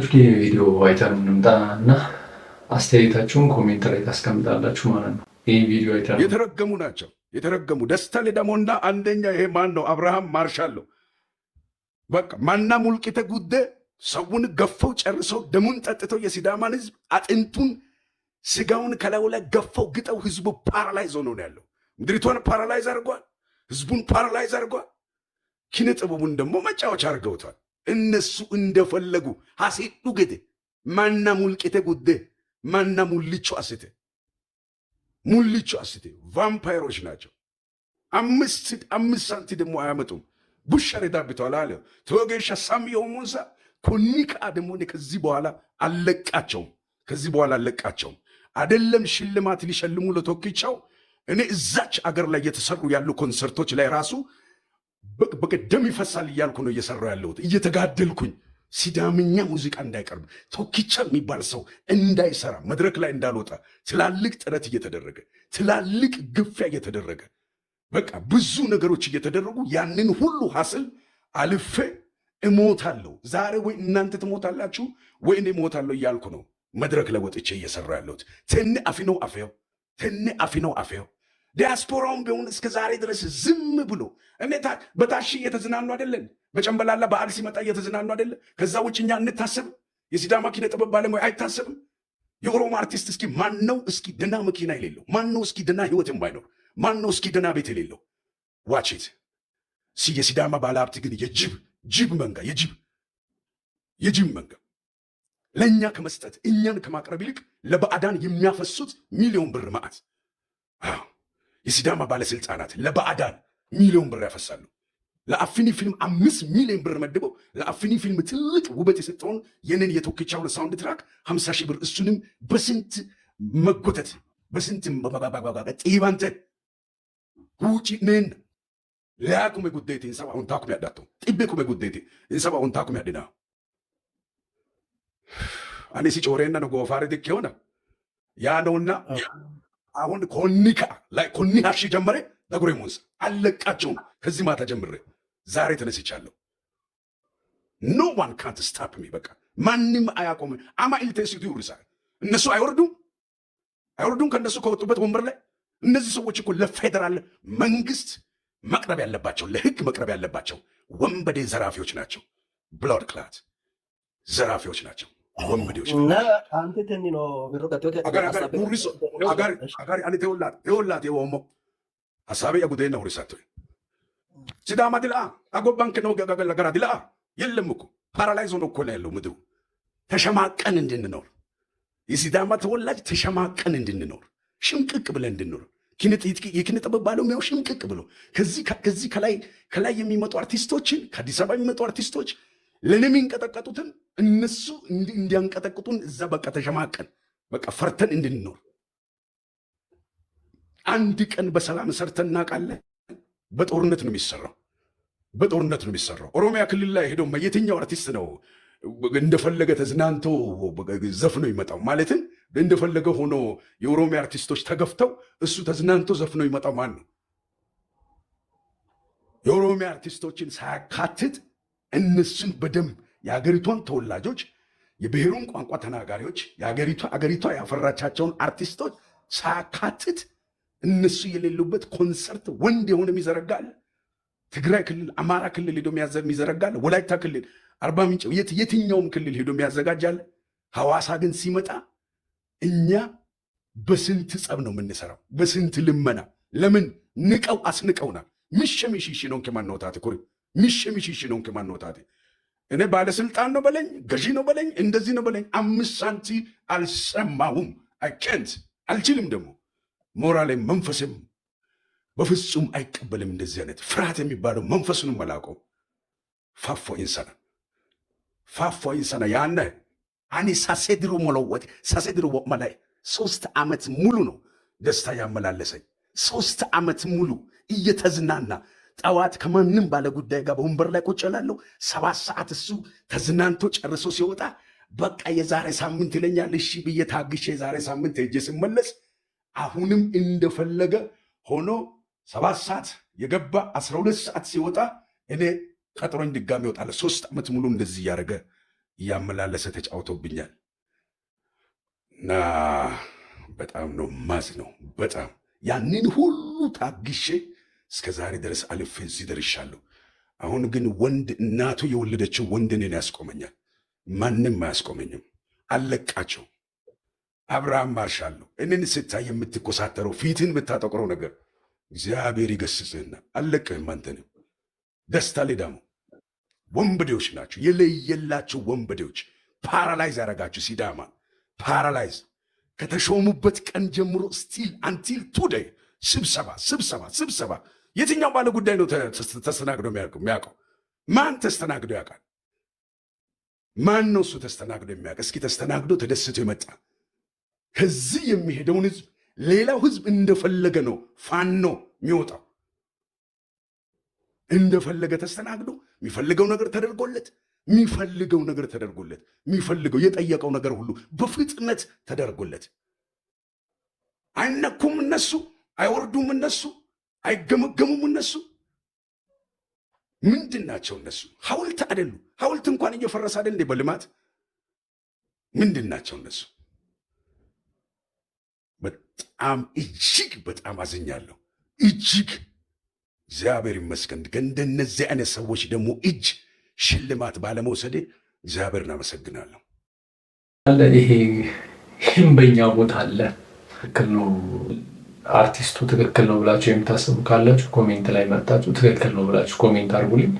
እስኪ ቪዲዮ አይተን እንምጣ እና አስተያየታችሁን ኮሜንት ላይ ታስቀምጣላችሁ ማለት ነው። ይህ ቪዲዮ አይተን የተረገሙ ናቸው የተረገሙ ደስታ ሌዳሞና አንደኛ ይሄ ማን ነው? አብርሃም ማርሻለሁ በቃ ማና ሙልቂተ ጉደ ሰውን ገፈው ጨርሰው ደሙን ጠጥተው የሲዳማን ህዝብ አጥንቱን ስጋውን ከላዩ ላይ ገፈው ግጠው ህዝቡ ፓራላይዝ ሆኖ ነው ያለው። ምድሪቷን ፓራላይዝ አድርጓል። ህዝቡን ፓራላይዝ አድርጓል። ኪነ ጥበቡን ደግሞ መጫወቻ አድርገውታል። እነሱ እንደፈለጉ ሀሴዱ ጌቴ ማና ሙልቄተ ጉዴ ማና ሙልቹ አስተ ሙልቹ አስተ ቫምፓይሮች ናቸው። አምስት አምስት ሳንቲ ደግሞ አያመጡም። ቡሻ ሬዳ ብቷል አለ ተወገሻ ሳምየው ሞንሳ ኮኒቃ ደግሞ ከዚህ በኋላ አለቃቸውም ከዚህ በኋላ አለቃቸውም። አደለም ሽልማት ሊሸልሙ ለቶኪቻው እኔ እዛች አገር ላይ የተሰሩ ያሉ ኮንሰርቶች ላይ ራሱ በቃ ደም ይፈሳል እያልኩ ነው እየሰራ ያለሁት እየተጋደልኩኝ ሲዳምኛ ሙዚቃ እንዳይቀርብ ቶኪቻ የሚባል ሰው እንዳይሰራ መድረክ ላይ እንዳልወጣ ትላልቅ ጥረት እየተደረገ ትላልቅ ግፊያ እየተደረገ በቃ ብዙ ነገሮች እየተደረጉ ያንን ሁሉ ሀስል አልፌ እሞታለሁ። ዛሬ ወይ እናንተ ትሞታላችሁ ወይ እኔ እሞታለሁ እያልኩ ነው መድረክ ላይ ወጥቼ እየሰራ ያለሁት። ቴኔ አፊነው አፌው ቴኔ አፊነው አፌው ዲያስፖራውን ቢሆን እስከ ዛሬ ድረስ ዝም ብሎ እኔ በታሺ እየተዝናኑ አይደለን? በጨንበላላ በዓል ሲመጣ እየተዝናኑ አይደለ? ከዛ ውጭ እኛ እንታሰብም? የሲዳማ ኪነ ጥበብ ባለሙያ አይታሰብም? የኦሮሞ አርቲስት እስኪ ማን ነው እስኪ ደና መኪና የሌለው? ማን ነው እስኪ ደና ህይወት የማይኖር? ማን ነው እስኪ ደና ቤት የሌለው? ዋቼት የሲዳማ ባለሀብት ግን የጅብ ጅብ መንጋ የጅብ የጅብ መንጋ ለእኛ ከመስጠት እኛን ከማቅረብ ይልቅ ለባዕዳን የሚያፈሱት ሚሊዮን ብር መዓት የሲዳማ ባለስልጣናት ለባዕዳን ሚሊዮን ብር ያፈሳሉ። ለአፊኒ ፊልም አምስት ሚሊዮን ብር መድበው ለአፊኒ ፊልም ትልቅ ውበት የሰጠውን የንን የቶኬቻውን ሳውንድ ትራክ ሀምሳ ሺህ ብር እሱንም በስንት መጎተት በስንት ጤባንተ ውጭ ነን ለያቁመ ጉዳይቴ እንሰባ ሁን ታኩሜ ያዳተው ጢቤ ቁሜ ጉዳይቴ እንሰባ ሁን ታኩሜ ያድና አኔ ሲጮሬና ነው ጎፋሬ ደክ የሆነ ያ ነውና አሁን ኮኒካ ላይ ኮኒ ሀሺ ጀመሬ ነጉሬ ሞንስ አለቃቸውም። ከዚህ ማታ ጀምሬ ዛሬ ተነስቻለሁ። ኖ ዋን ካንት ስታፕ ሚ በቃ ማንም አያቆም። አማ ኢንቴንሲቲ ይውርሳ እነሱ አይወርዱም አይወርዱም ከእነሱ ከወጡበት ወንበር ላይ። እነዚህ ሰዎች እኮ ለፌደራል መንግስት መቅረብ ያለባቸው ለህግ መቅረብ ያለባቸው ወንበዴ ዘራፊዎች ናቸው። ብሎድ ክላት ዘራፊዎች ናቸው። ሲዳማ ድልአ አጎባን ከነው ገገለገራ ድልአ የለም እኮ ፓራላይዝ ሆኖ እኮ ነው ያለው ምድሩ። ተሸማቀን እንድንኖር የሲዳማ ተወላጅ ተሸማቀን እንድንኖር ሽምቅቅ ብለን እንድንኖር የኪነ ባለሙያው ሽምቅቅ ብሎ ከዚህ ከላይ የሚመጡ አርቲስቶችን ከአዲስ አበባ የሚመጡ አርቲስቶች ለንም ይንቀጠቀጡትን እነሱ እንዲያንቀጠቅጡን እዛ በቃ ተሸማቀን በቃ ፈርተን እንድንኖር አንድ ቀን በሰላም ሰርተን እናውቃለን። በጦርነት ነው የሚሰራው፣ በጦርነት ነው የሚሰራው። ኦሮሚያ ክልል ላይ ሄዶ የትኛው አርቲስት ነው እንደፈለገ ተዝናንቶ ዘፍኖ ይመጣው? ማለትም እንደፈለገ ሆኖ የኦሮሚያ አርቲስቶች ተገፍተው እሱ ተዝናንቶ ዘፍኖ ይመጣው ማን ነው? የኦሮሚያ አርቲስቶችን ሳያካትት እነሱን በደንብ የሀገሪቷን ተወላጆች፣ የብሔሩን ቋንቋ ተናጋሪዎች፣ አገሪቷ ያፈራቻቸውን አርቲስቶች ሳካትት እነሱ የሌሉበት ኮንሰርት ወንድ የሆነ ይዘረጋል። ትግራይ ክልል፣ አማራ ክልል ሄዶ ይዘረጋል። ወላይታ ክልል፣ አርባ ምንጭ፣ የትኛውም ክልል ሄዶ ያዘጋጃል። ሐዋሳ ግን ሲመጣ እኛ በስንት ጸብ ነው የምንሰራው፣ በስንት ልመና። ለምን ንቀው አስንቀውናል። ምሸሚሽሽ ነው ከማንወታት ኩሪ ምሸሚሽሽ ነው ከማንወታት እኔ ባለስልጣን ነው በለኝ፣ ገዢ ነው በለኝ፣ እንደዚህ ነው በለኝ። አምስት ሳንቲ አልሰማውም። አይኬንት አልችልም። ደግሞ ሞራሌም መንፈስም በፍጹም አይቀበልም። እንደዚህ አይነት ፍርሃት የሚባለው መንፈሱንም አላውቀውም። ፋፎ ኢንሰና ፋፎ ኢንሰና ያነ አኔ ሳሴድሮ መለወጥ ሳሴድሮ መላይ ሶስት ዓመት ሙሉ ነው ደስታ ያመላለሰኝ ሶስት ዓመት ሙሉ እየተዝናና ጠዋት ከማንም ባለጉዳይ ጋር በወንበር ላይ ቁጭ እላለሁ። ሰባት ሰዓት እሱ ተዝናንቶ ጨርሶ ሲወጣ በቃ የዛሬ ሳምንት ይለኛል። እሺ ብዬ ታግሼ የዛሬ ሳምንት ሄጄ ስመለስ አሁንም እንደፈለገ ሆኖ ሰባት ሰዓት የገባ አስራ ሁለት ሰዓት ሲወጣ እኔ ቀጥሮኝ ድጋሚ ይወጣለ። ሶስት ዓመት ሙሉ እንደዚህ እያደረገ እያመላለሰ ተጫውቶብኛል እና በጣም ነው ማዝ ነው በጣም ያንን ሁሉ ታግሼ እስከ ዛሬ ድረስ አልፌ እዚህ ደርሻለሁ። አሁን ግን ወንድ እናቱ የወለደችው ወንድ እኔን ያስቆመኛል። ማንም አያስቆመኝም። አለቃቸው አብርሃም ማርሻለሁ። እኔን ስታይ የምትኮሳተረው ፊትን የምታጠቁረው ነገር እግዚአብሔር ይገስጽህና አለቅህም። አንተንም ደስታ ሌዳሙ ወንበዴዎች ናቸው የለየላቸው ወንበዴዎች። ፓራላይዝ ያደረጋችሁ ሲዳማ ፓራላይዝ ከተሾሙበት ቀን ጀምሮ ስቲል አንቲል ቱደይ ስብሰባ ስብሰባ ስብሰባ የትኛው ባለ ጉዳይ ነው ተስተናግዶ የሚያውቀው? ማን ተስተናግዶ ያውቃል? ማን ነው እሱ ተስተናግዶ የሚያውቅ? እስኪ ተስተናግዶ ተደስቶ የመጣ ከዚህ የሚሄደውን ህዝብ ሌላው ህዝብ እንደፈለገ ነው ፋኖ የሚወጣው እንደፈለገ ተስተናግዶ የሚፈልገው ነገር ተደርጎለት የሚፈልገው ነገር ተደርጎለት የሚፈልገው የጠየቀው ነገር ሁሉ በፍጥነት ተደርጎለት አይነኩም እነሱ አይወርዱም እነሱ አይገመገሙም። እነሱ ምንድን ናቸው? እነሱ ሐውልት አደሉ? ሐውልት እንኳን እየፈረሰ አደል እንዴ በልማት ምንድን ናቸው እነሱ? በጣም እጅግ በጣም አዝኛለሁ። እጅግ እግዚአብሔር ይመስገን ከእንደነዚህ አይነት ሰዎች ደግሞ እጅ ሽልማት ባለመውሰዴ እግዚአብሔር እናመሰግናለሁ። ይሄ ሽንበኛ ቦታ አለ ክል ነው አርቲስቱ ትክክል ነው ብላችሁ የምታስቡ ካላችሁ ኮሜንት ላይ መታችሁ ትክክል ነው ብላችሁ ኮሜንት አድርጉልኝ።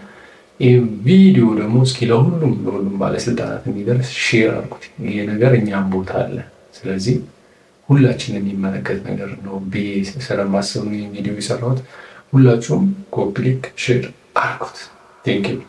ይህ ቪዲዮ ደግሞ እስኪ ለሁሉም ለሁሉም ባለስልጣናት እንዲደርስ ሼር አድርጉት። ይሄ ነገር እኛም ቦታ አለ፣ ስለዚህ ሁላችን የሚመለከት ነገር ነው ብዬ ስለማስብ ቪዲዮ የሰራሁት። ሁላችሁም ኮፒ ሼር አድርጉት። ቴንኪው